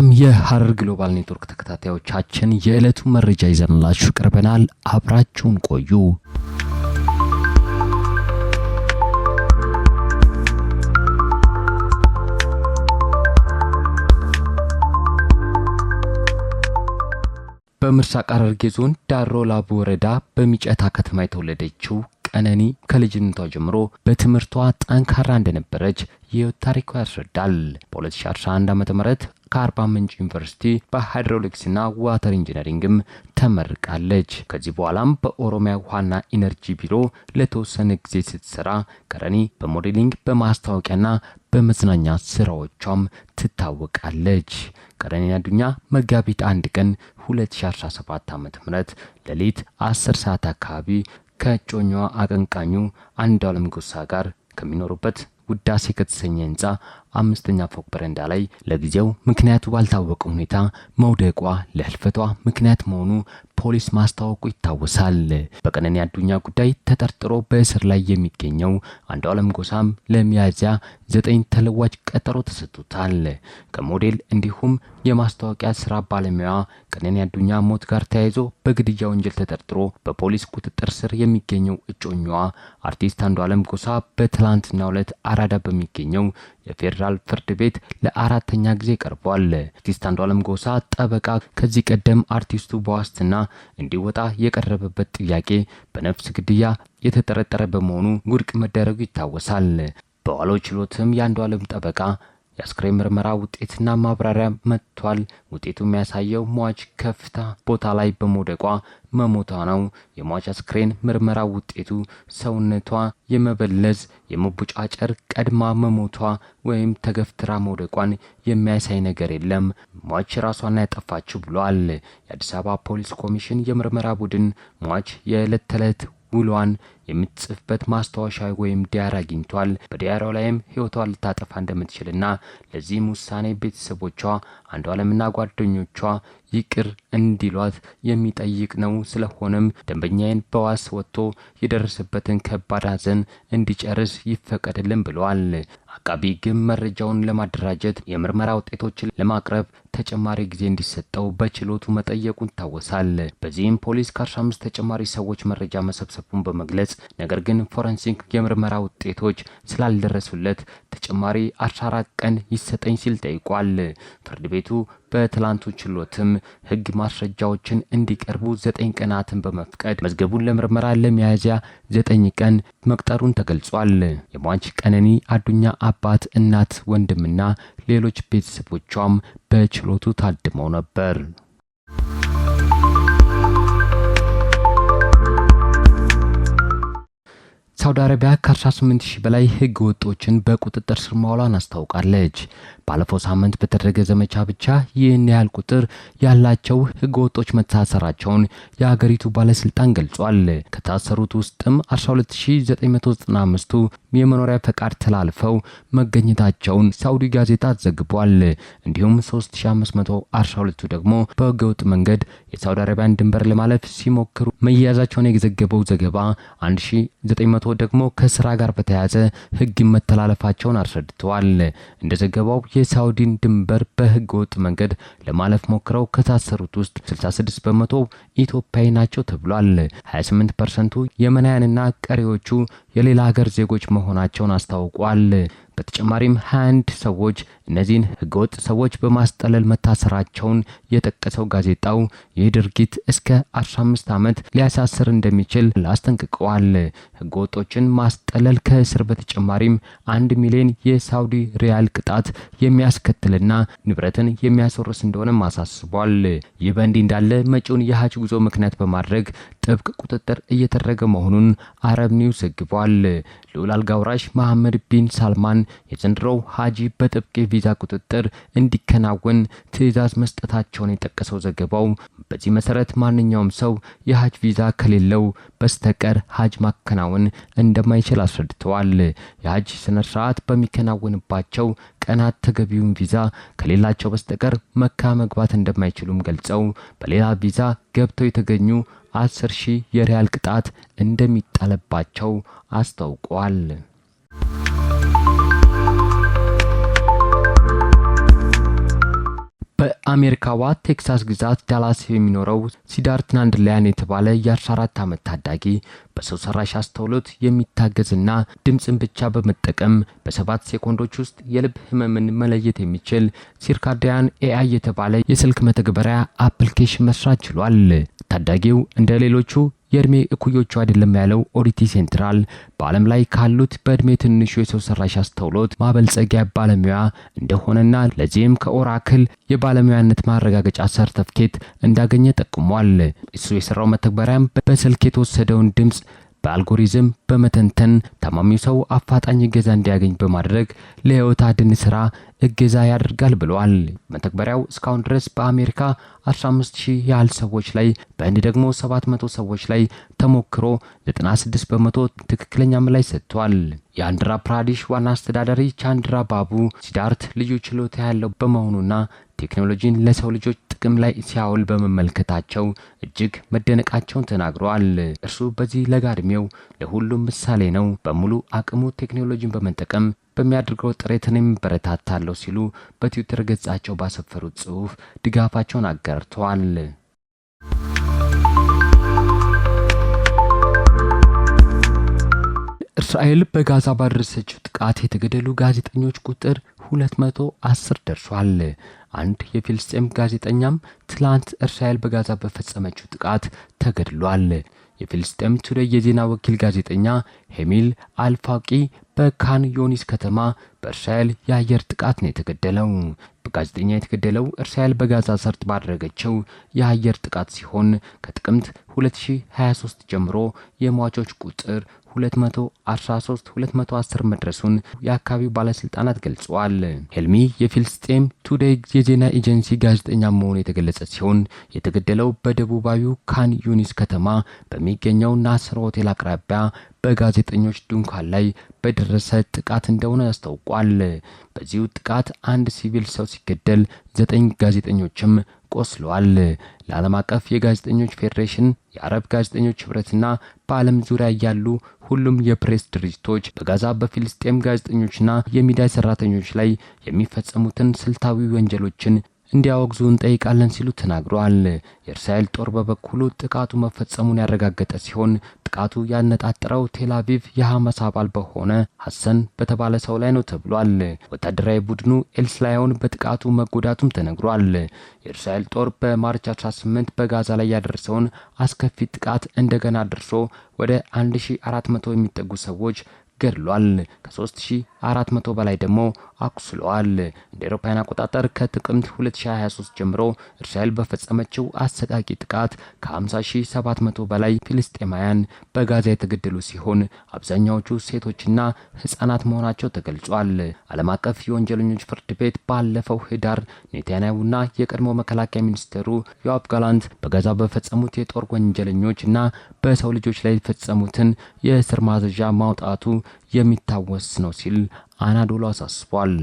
ሰላም የሐረር ግሎባል ኔትወርክ ተከታታዮቻችን የዕለቱ መረጃ ይዘንላችሁ ቀርበናል። አብራችሁን ቆዩ። በምስራቅ ሐረርጌ ዞን ዳሮ ላቡ ወረዳ በሚጨታ ከተማ የተወለደችው ቀነኒ ከልጅነቷ ጀምሮ በትምህርቷ ጠንካራ እንደነበረች የህይወት ታሪኳ ያስረዳል። በ2011 ዓ ም ከአርባ ምንጭ ዩኒቨርሲቲ በሃይድሮሊክስና ዋተር ኢንጂነሪንግም ተመርቃለች። ከዚህ በኋላም በኦሮሚያ ውሃና ኢነርጂ ቢሮ ለተወሰነ ጊዜ ስትሰራ ቀረኒ በሞዴሊንግ በማስታወቂያና በመዝናኛ ስራዎቿም ትታወቃለች። ቀረኒ አዱኛ መጋቢት አንድ ቀን 2017 ዓ.ም ሌሊት 10 ሰዓት አካባቢ ከጮኛዋ አቀንቃኙ አለም ጎሳ ጋር ከሚኖሩበት ውዳሴ ከተሰኘ ህንፃ አምስተኛ ፎቅ በረንዳ ላይ ለጊዜው ምክንያቱ ባልታወቀ ሁኔታ መውደቋ ለህልፈቷ ምክንያት መሆኑ ፖሊስ ማስታወቁ ይታወሳል። በቀነኒ አዱኛ ጉዳይ ተጠርጥሮ በእስር ላይ የሚገኘው አለም ጎሳም ለሚያዝያ ዘጠኝ ተለዋጭ ቀጠሮ ተሰጥቶታል። ከሞዴል እንዲሁም የማስታወቂያ ስራ ባለሙያ ቀነኒ አዱኛ ሞት ጋር ተያይዞ በግድያ ወንጀል ተጠርጥሮ በፖሊስ ቁጥጥር ስር የሚገኘው እጮኛዋ አርቲስት አለም ጎሳ በትላንትናው ዕለት አራዳ በሚገኘው የፌዴራል ፌዴራል ፍርድ ቤት ለአራተኛ ጊዜ ቀርቧል። አርቲስት አንዷለም ጎሳ ጠበቃ ከዚህ ቀደም አርቲስቱ በዋስትና እንዲወጣ የቀረበበት ጥያቄ በነፍስ ግድያ የተጠረጠረ በመሆኑ ውድቅ መደረጉ ይታወሳል። በዋለው ችሎትም የአንዷለም ጠበቃ የአስክሬን ምርመራ ውጤትና ማብራሪያ መጥቷል። ውጤቱ የሚያሳየው ሟች ከፍታ ቦታ ላይ በመውደቋ መሞቷ ነው። የሟች አስክሬን ምርመራ ውጤቱ ሰውነቷ የመበለዝ የመቦጫጨር፣ ቀድማ መሞቷ ወይም ተገፍትራ መውደቋን የሚያሳይ ነገር የለም። ሟች ራሷን ያጠፋችው ብሏል። የአዲስ አበባ ፖሊስ ኮሚሽን የምርመራ ቡድን ሟች የዕለት ተዕለት ውሏን የምትጽፍበት ማስታወሻ ወይም ዲያራ አግኝቷል። በዲያራው ላይም ህይወቷን ልታጠፋ እንደምትችልና ለዚህም ውሳኔ ቤተሰቦቿ አንዷለምና ጓደኞቿ ይቅር እንዲሏት የሚጠይቅ ነው። ስለሆነም ደንበኛዬን በዋስ ወጥቶ የደረሰበትን ከባድ ሀዘን እንዲጨርስ ይፈቀድልን ብለዋል። አቃቢ ግን መረጃውን ለማደራጀት የምርመራ ውጤቶችን ለማቅረብ ተጨማሪ ጊዜ እንዲሰጠው በችሎቱ መጠየቁን ይታወሳል። በዚህም ፖሊስ ከ15 ተጨማሪ ሰዎች መረጃ መሰብሰቡን በመግለጽ ነገር ግን ፎረንሲክ የምርመራ ውጤቶች ስላልደረሱለት ተጨማሪ 14 ቀን ይሰጠኝ ሲል ጠይቋል። ፍርድ ቤቱ በትላንቱ ችሎትም ህግ ማስረጃዎችን እንዲቀርቡ ዘጠኝ ቀናትን በመፍቀድ መዝገቡን ለምርመራ ለሚያዝያ ዘጠኝ ቀን መቅጠሩን ተገልጿል። የሟች ቀነኒ አዱኛ አባት፣ እናት፣ ወንድምና ሌሎች ቤተሰቦቿም በችሎቱ ታድመው ነበር። ሳውዲ አረቢያ ከ18 ሺህ በላይ ህገ ወጦችን በቁጥጥር ስር ማውሏን አስታውቃለች። ባለፈው ሳምንት በተደረገ ዘመቻ ብቻ ይህን ያህል ቁጥር ያላቸው ህገ ወጦች መታሰራቸውን የሀገሪቱ ባለስልጣን ገልጿል። ከታሰሩት ውስጥም 12995ቱ የመኖሪያ ፈቃድ ተላልፈው መገኘታቸውን ሳውዲ ጋዜጣ ዘግቧል። እንዲሁም 3512ቱ ደግሞ በህገ ወጥ መንገድ የሳውዲ አረቢያን ድንበር ለማለፍ ሲሞክሩ መያዛቸውን የዘገበው ዘገባ 1900 ደግሞ ከስራ ጋር በተያያዘ ህግ መተላለፋቸውን አስረድተዋል። እንደዘገባው የሳውዲን ድንበር በህገ ወጥ መንገድ ለማለፍ ሞክረው ከታሰሩት ውስጥ 66 በመቶ ኢትዮጵያዊ ናቸው ተብሏል። 28 ፐርሰንቱ የመናያንና ቀሪዎቹ የሌላ ሀገር ዜጎች መሆናቸውን አስታውቋል። በተጨማሪም 21 ሰዎች እነዚህን ህገወጥ ሰዎች በማስጠለል መታሰራቸውን የጠቀሰው ጋዜጣው ይህ ድርጊት እስከ 15 ዓመት ሊያሳስር እንደሚችል አስጠንቅቀዋል። ህገወጦችን ማስጠለል ከእስር በተጨማሪም አንድ ሚሊዮን የሳውዲ ሪያል ቅጣት የሚያስከትልና ንብረትን የሚያስወርስ እንደሆነም አሳስቧል። ይህ በእንዲህ እንዳለ መጪውን የሀጅ ጉዞ ምክንያት በማድረግ ጥብቅ ቁጥጥር እየተደረገ መሆኑን አረብ ኒውስ ዘግቧል። ልዑል አልጋውራሽ መሐመድ ቢን ሳልማን የዘንድሮው ሀጂ በጥብቅ የቪዛ ቁጥጥር እንዲከናወን ትዕዛዝ መስጠታቸውን የጠቀሰው ዘገባው በዚህ መሰረት ማንኛውም ሰው የሀጅ ቪዛ ከሌለው በስተቀር ሀጅ ማከናወን እንደማይችል አስረድተዋል። የሀጅ ስነ ስርዓት በሚከናወንባቸው ቀናት ተገቢውን ቪዛ ከሌላቸው በስተቀር መካ መግባት እንደማይችሉም ገልጸው በሌላ ቪዛ ገብተው የተገኙ አስር ሺህ የሪያል ቅጣት እንደሚጣለባቸው አስታውቋል። አሜሪካዋ ቴክሳስ ግዛት ዳላስ የሚኖረው ሲዳር ትናንድላያን የተባለ የ14 ዓመት ታዳጊ በሰው ሰራሽ አስተውሎት የሚታገዝና ድምፅን ብቻ በመጠቀም በሰባት ሴኮንዶች ውስጥ የልብ ህመምን መለየት የሚችል ሲርካዲያን ኤአይ የተባለ የስልክ መተግበሪያ አፕሊኬሽን መስራት ችሏል። ታዳጊው እንደ ሌሎቹ የእድሜ እኩዮቹ አይደለም ያለው ኦዲቲ ሴንትራል በዓለም ላይ ካሉት በእድሜ ትንሹ የሰው ሰራሽ አስተውሎት ማበልጸጊያ ባለሙያ እንደሆነና ለዚህም ከኦራክል የባለሙያነት ማረጋገጫ ሰርተፍኬት እንዳገኘ ጠቁሟል። እሱ የሰራው መተግበሪያም በስልክ የተወሰደውን ድምፅ በአልጎሪዝም በመተንተን ታማሚው ሰው አፋጣኝ እገዛ እንዲያገኝ በማድረግ ለህይወት አድን ስራ እገዛ ያደርጋል ብለዋል። መተግበሪያው እስካሁን ድረስ በአሜሪካ 15000 ያህል ሰዎች ላይ በህንድ ደግሞ 700 ሰዎች ላይ ተሞክሮ 96 በመቶ ትክክለኛ ምላሽ ሰጥቷል። የአንድራ ፕራዲሽ ዋና አስተዳዳሪ ቻንድራ ባቡ ሲዳርት ልዩ ችሎታ ያለው በመሆኑና ቴክኖሎጂን ለሰው ልጆች ጥቅም ላይ ሲያውል በመመልከታቸው እጅግ መደነቃቸውን ተናግረዋል። እርሱ በዚህ ለጋ ዕድሜው ለሁሉም ምሳሌ ነው። በሙሉ አቅሙ ቴክኖሎጂን በመጠቀም በሚያደርገው ጥረት የሚበረታታለው ሲሉ በትዊተር ገጻቸው ባሰፈሩት ጽሑፍ ድጋፋቸውን አጋርተዋል። እስራኤል በጋዛ ባደረሰችው ጥቃት የተገደሉ ጋዜጠኞች ቁጥር 210 ደርሷል። አንድ የፊልስጤም ጋዜጠኛም ትላንት እስራኤል በጋዛ በፈጸመችው ጥቃት ተገድሏል። የፊልስጤም ቱዴይ የዜና ወኪል ጋዜጠኛ ሄሚል አልፋቂ በካን ዮኒስ ከተማ በእስራኤል የአየር ጥቃት ነው የተገደለው። በጋዜጠኛ የተገደለው እስራኤል በጋዛ ሰርጥ ባደረገችው የአየር ጥቃት ሲሆን ከጥቅምት 2023 ጀምሮ የሟቾች ቁጥር 213 210 መድረሱን የአካባቢው ባለስልጣናት ገልጸዋል። ሄልሚ የፊልስጤም ቱዴይ የዜና ኤጀንሲ ጋዜጠኛ መሆኑ የተገለጸ ሲሆን የተገደለው በደቡባዊው ካን ዩኒስ ከተማ በሚገኘው ናስር ሆቴል አቅራቢያ በጋዜጠኞች ድንኳን ላይ በደረሰ ጥቃት እንደሆነ ያስታውቋል። በዚሁ ጥቃት አንድ ሲቪል ሰው ሲገደል ዘጠኝ ጋዜጠኞችም ቆስለዋል። ለዓለም አቀፍ የጋዜጠኞች ፌዴሬሽን፣ የአረብ ጋዜጠኞች ህብረትና በዓለም ዙሪያ ያሉ ሁሉም የፕሬስ ድርጅቶች በጋዛ በፊልስጤም ጋዜጠኞችና የሚዲያ ሰራተኞች ላይ የሚፈጸሙትን ስልታዊ ወንጀሎችን እንዲያወግዙ እንጠይቃለን ሲሉ ተናግረዋል። የእስራኤል ጦር በበኩሉ ጥቃቱ መፈጸሙን ያረጋገጠ ሲሆን ጥቃቱ ያነጣጠረው ቴላቪቭ የሐማስ አባል በሆነ ሐሰን በተባለ ሰው ላይ ነው ተብሏል። ወታደራዊ ቡድኑ ኤልስላዮን በጥቃቱ መጎዳቱም ተነግሯል። የእስራኤል ጦር በማርች 18 በጋዛ ላይ ያደረሰውን አስከፊ ጥቃት እንደገና ደርሶ ወደ 1400 የሚጠጉ ሰዎች ገድሏል። ከ3400 በላይ ደግሞ አቁስለዋል። እንደ አውሮፓውያን አቆጣጠር ከጥቅምት 2023 ጀምሮ እስራኤል በፈጸመችው አሰቃቂ ጥቃት ከ50700 በላይ ፊልስጤማውያን በጋዛ የተገደሉ ሲሆን አብዛኛዎቹ ሴቶችና ህጻናት መሆናቸው ተገልጿል። ዓለም አቀፍ የወንጀለኞች ፍርድ ቤት ባለፈው ህዳር ኔታንያሁና የቀድሞ መከላከያ ሚኒስትሩ ዮአብ ጋላንት በጋዛ በፈጸሙት የጦር ወንጀለኞች እና በሰው ልጆች ላይ የፈጸሙትን የእስር ማዘዣ ማውጣቱ የሚታወስ ነው ሲል አናዶሉ አሳስቧል።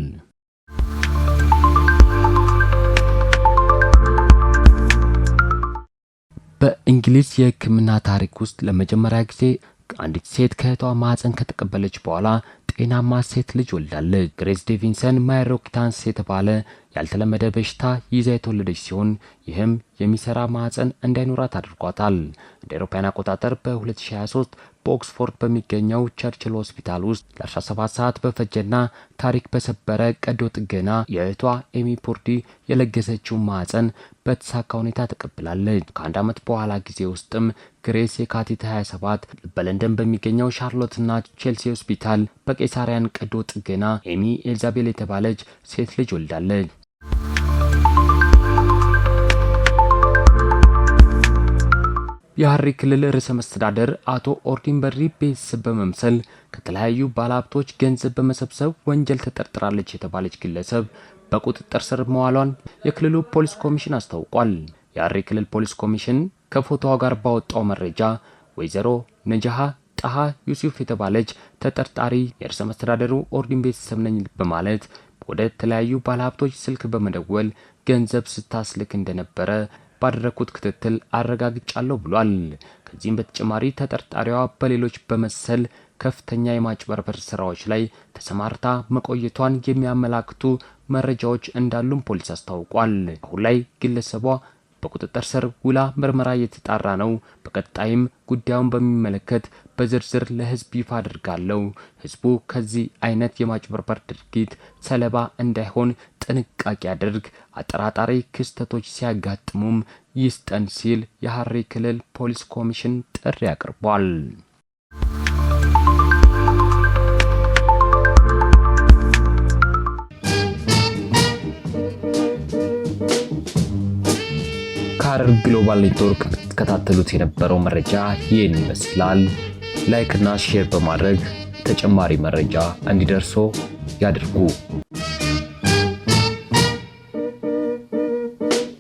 በእንግሊዝ የሕክምና ታሪክ ውስጥ ለመጀመሪያ ጊዜ አንዲት ሴት ከእህቷ ማዕፀን ከተቀበለች በኋላ ጤናማ ሴት ልጅ ወልዳለች። ግሬስ ዴቪንሰን ማይሮኪታንስ የተባለ ያልተለመደ በሽታ ይዛ የተወለደች ሲሆን ይህም የሚሰራ ማዕፀን እንዳይኖራት አድርጓታል። እንደ አውሮፓውያን አቆጣጠር በ2023 በኦክስፎርድ በሚገኘው ቸርችል ሆስፒታል ውስጥ ለ17 ሰዓት በፈጀና ታሪክ በሰበረ ቀዶ ጥገና የእህቷ ኤሚ ፖርዲ የለገሰችውን ማዕፀን በተሳካ ሁኔታ ተቀብላለች። ከአንድ ዓመት በኋላ ጊዜ ውስጥም ግሬስ የካቲት 27 በለንደን በሚገኘው ሻርሎትና ቼልሲ ሆስፒታል በቄሳሪያን ቀዶ ጥገና ኤሚ ኤልዛቤል የተባለች ሴት ልጅ ወልዳለች። የሐረሪ ክልል ርዕሰ መስተዳደር አቶ ኦርዲን በሪ ቤስ በመምሰል ከተለያዩ ባለሀብቶች ገንዘብ በመሰብሰብ ወንጀል ተጠርጥራለች የተባለች ግለሰብ በቁጥጥር ስር መዋሏን የክልሉ ፖሊስ ኮሚሽን አስታውቋል። የሐረሪ ክልል ፖሊስ ኮሚሽን ከፎቶዋ ጋር ባወጣው መረጃ ወይዘሮ ነጃሃ ጣሃ ዩሱፍ የተባለች ተጠርጣሪ የርዕሰ መስተዳደሩ ኦርዲን ቤተሰብ ነኝ በማለት ወደ ተለያዩ ባለሀብቶች ስልክ በመደወል ገንዘብ ስታስልክ እንደነበረ ባደረግኩት ክትትል አረጋግጫለሁ ብሏል። ከዚህም በተጨማሪ ተጠርጣሪዋ በሌሎች በመሰል ከፍተኛ የማጭበርበር ስራዎች ላይ ተሰማርታ መቆየቷን የሚያመላክቱ መረጃዎች እንዳሉም ፖሊስ አስታውቋል። አሁን ላይ ግለሰቧ በቁጥጥር ስር ውላ ምርመራ እየተጣራ ነው። በቀጣይም ጉዳዩን በሚመለከት በዝርዝር ለህዝብ ይፋ አድርጋለሁ። ህዝቡ ከዚህ አይነት የማጭበርበር ድርጊት ሰለባ እንዳይሆን ጥንቃቄ አድርግ፣ አጠራጣሪ ክስተቶች ሲያጋጥሙም ይስጠን ሲል የሐረሪ ክልል ፖሊስ ኮሚሽን ጥሪ አቅርቧል። ሐረር ግሎባል ኔትወርክ ተከታተሉት የነበረው መረጃ ይህን ይመስላል። ላይክና ሼር በማድረግ ተጨማሪ መረጃ እንዲደርሶ ያድርጉ።